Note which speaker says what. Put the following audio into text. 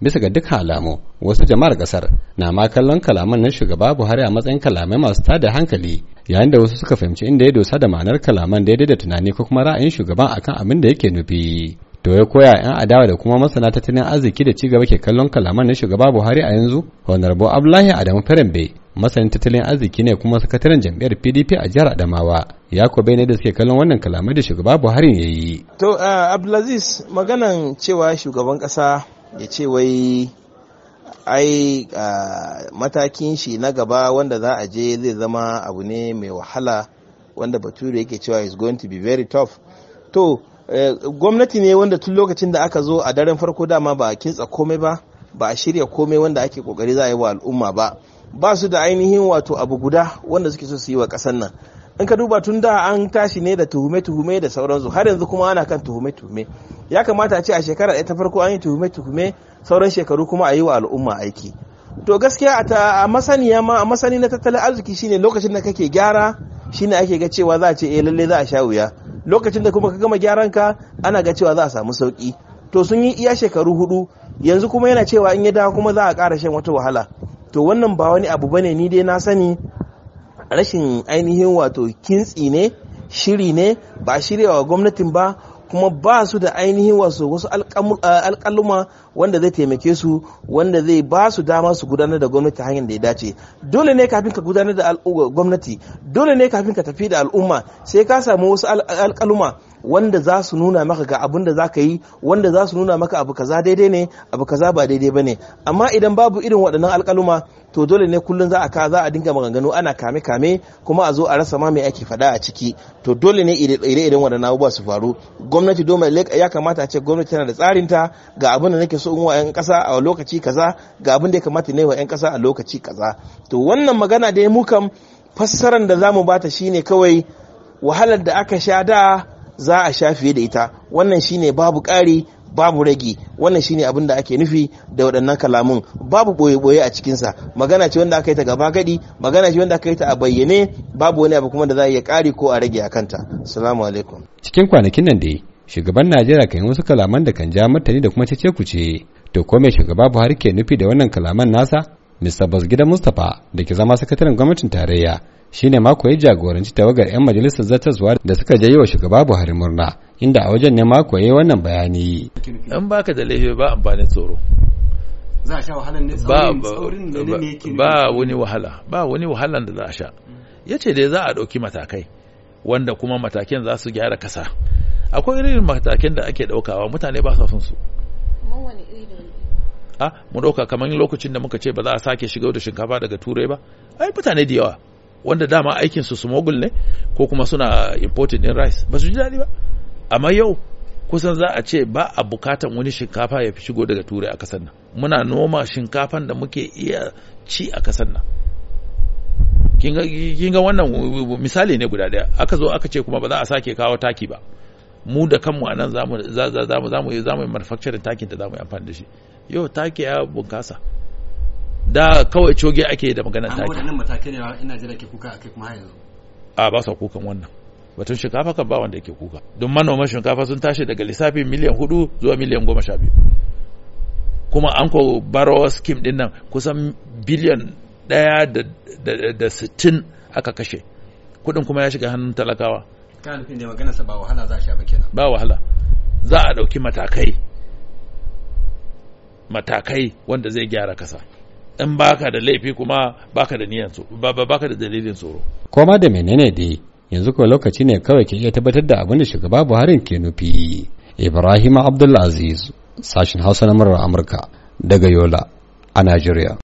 Speaker 1: bisa ga duk alamu wasu jama'ar kasar na ma kallon kalaman na shugaba buhari a matsayin kalamai masu tada hankali yayin da wasu suka fahimci inda ya dosa da ma'anar kalaman daidai da tunani ko kuma ra'ayin shugaban akan abin da yake nufi to ya koya yan adawa da kuma masana tattalin arziki da cigaba ke kallon kalaman na shugaba buhari a yanzu honorable abdullahi adamu farambe masanin tattalin arziki ne kuma sakataren jam'iyyar pdp a jihar adamawa ya ko ne da suke kallon wannan kalamai da shugaba buhari ya yi
Speaker 2: to eh, abdulaziz maganan cewa shugaban kasa ya ce wai ai matakin shi na gaba wanda za a je zai zama abu ne mai wahala wanda bature yake cewa is going to be very tough to eh, gwamnati ne wanda tun lokacin da aka zo a daren farko dama ba a kintsa komai ba ba a shirya komai wanda ake kokari za a yi wa al'umma ba ba su da ainihin wato abu guda wanda suke so su yi wa ƙasar nan in ka duba tun da an tashi ne da tuhume-tuhume da sauransu har yanzu kuma ana kan tuhume-tuhume ya kamata a ce a shekara ɗaya ta farko an yi tuhume-tuhume sauran shekaru kuma a yi wa al'umma aiki to gaskiya a ta masaniya ma a masani na tattalin arziki shine lokacin da kake gyara shine ake ga cewa za a ce eh lalle za a sha wuya lokacin da kuma ka gama gyaran ka ana ga cewa za a samu sauki to sun yi iya shekaru hudu yanzu kuma yana cewa in ya dawo kuma za a ƙara shan wata wahala to wannan ba wani abu bane ni dai na sani rashin ainihin wato kintsi ne shiri ne ba shirya wa gwamnatin ba kuma ba su da ainihin wasu wasu Eh, alƙaluma wanda zai taimake su wanda zai ba su dama su gudanar da gwamnati hanyar da ya dace dole ne kafin ka gudanar da gwamnati dole ne kafin ka tafi da al'umma sai ka samu wasu alƙaluma wanda za su nuna maka ga abin da za ka yi wanda za su nuna maka abu kaza daidai ne abu kaza ba daidai ba ne amma idan babu irin waɗannan alƙaluma to dole ne kullum za a ka za a dinga maganganu ana kame kame kuma a zo a rasa ma mai ake faɗa a ciki to dole ne ire-iren waɗannan abubuwa su faru gwamnati dole ya kamata a ce gwamnati tana da tsari tsarinta ga abin da nake so in wa kasa a lokaci kaza ga abin da ya kamata ne wa kasa a lokaci kaza to wannan magana dai ya muka fassaran da za mu bata shine kawai wahalar da aka sha da za a sha fiye da ita wannan shine babu ƙari babu rage wannan shine abin da ake nufi da waɗannan kalamun babu boye-boye a cikinsa magana ce wanda aka yi ta gaba gadi magana ce wanda aka yi ta a bayyane babu wani abu kuma da za a iya ƙari ko a rage a kanta assalamu
Speaker 1: cikin kwanakin nan da shugaban najeriya kan yi wasu kalaman da kan ja martani da kuma cece ce to ko mai shugaba buhari ke nufi da wannan kalaman nasa mr bazgida mustapha da ke zama sakataren gwamnatin tarayya shine mako ya jagoranci tawagar 'yan majalisar zartaswa da suka je yi wa shugaba buhari murna inda a wajen ne mako ya yi wannan bayani
Speaker 3: an baka da laifi ba amfani tsoro
Speaker 1: za a sha wahalan ne tsaurin ne ne
Speaker 3: yake ba wani wahala ba wani wahalan da za a sha mm. yace dai za a ɗauki matakai wanda kuma matakin za su gyara kasa akwai irin matakin da ake daukawa mutane ba sa son su a ah, mu dauka kamar lokacin da muka ce ba za a sake shigar da shinkafa daga turai ba ai mutane da yawa wanda dama aikin su smuggle ne ko kuma suna importing din rice ba su ji daɗi ba amma yau kusan za a ce ba a bukatan wani shinkafa ya fi shigo daga turai a kasar nan muna noma shinkafan da muke iya ci a kasar nan kin ga wannan misali ne guda daya aka zo aka ce kuma ba za a sake kawo taki ba mu da kanmu a nan za mu zamu yi yi manufacturing takin da za mu yi amfani da shi yau take ya bunkasa da kawai coge ake da maganar taki an wadannan
Speaker 1: matakai ne ina jira ke kuka akai kuma yanzu
Speaker 3: a ba sa kukan wannan batun shinkafa kan ba wanda yake kuka don manoman shinkafa sun tashi daga lissafi miliyan hudu zuwa miliyan goma sha biyu kuma an ko barawa skim din nan kusan biliyan daya da sittin aka kashe kudin kuma ya shiga hannun talakawa
Speaker 1: kana nufin da maganarsa ba wahala za a sha ba
Speaker 3: kenan ba wahala za a ɗauki matakai matakai wanda zai gyara kasa in baka da laifi kuma baka da niyan baka da dalilin tsoro
Speaker 1: koma da menene dai yanzu ko lokaci ne kawai ke iya tabbatar da abin da shugaba Buhari ke nufi Ibrahim Abdulaziz sashin Hausa na murar Amurka daga Yola a Najeriya